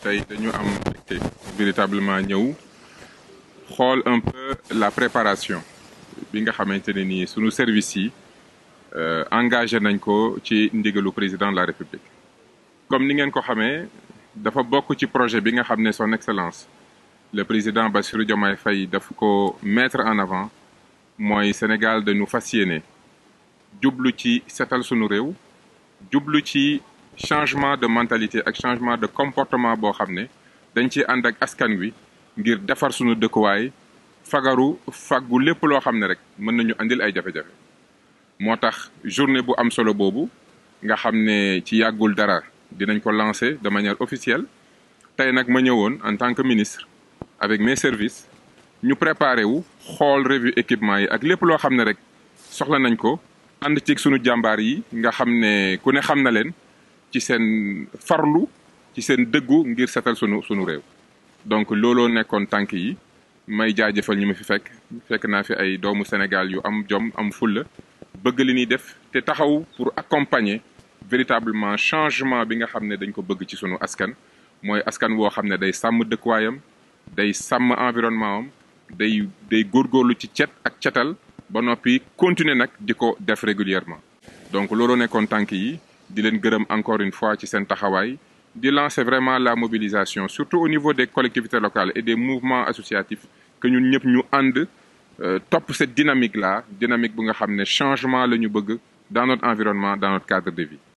Tay dañu am mbégte véritablement ñëw xol un peu la préparation bi nga xamanteni ni suñu service yi euh, engagé nañ ko ci ndigalu président de la république comme ni ngeen ko xamé dafa bokk ci projet bi nga xamné son excellence le président Bassirou Diomaye Faye daf ko mettre en avant moy Sénégal de nous fasciner. djublu ci setal suñu rew djublu ci changement de mentalité ak changement de comportement bo xamné dañ ci and ak askan wi ngir défar suñu dëkkuwaay fagaru fagu lepp lo xamné rek mën nañu andil ay jafé jafé motax journée bu am solo bobu nga xamné ci yagul dara dinañ ko lancer de manière officielle tay nak ma ñëwoon en tant que ministre avec mes services ñu préparé wu xol revue équipement yi ak lepp lo xamné rek soxla nañ ko and ci suñu jambar yi nga xamné ku ne xam na ci sen farlu ci sen deggu ngir sont sunu sunu donc Lolo, est content yi may jaajëfal Je fi fek fi ay doomu Sénégal yu am jom am ful bëgg li def te taxaw pour accompagner véritablement changement bi nga xam dañ ko bëgg askan moy askan wo day dey day environnement day day gorgorlu ci ciet ak ciatal ba nopi continuer nak def régulièrement donc looloo di leen encore une fois ci à taxawaay de lancer vraiment la mobilisation surtout au niveau des collectivités locales et des mouvements associatifs que nous ñëpp ñu euh, pour cette dynamique là dynamique qui nga changement dans notre environnement dans notre cadre de vie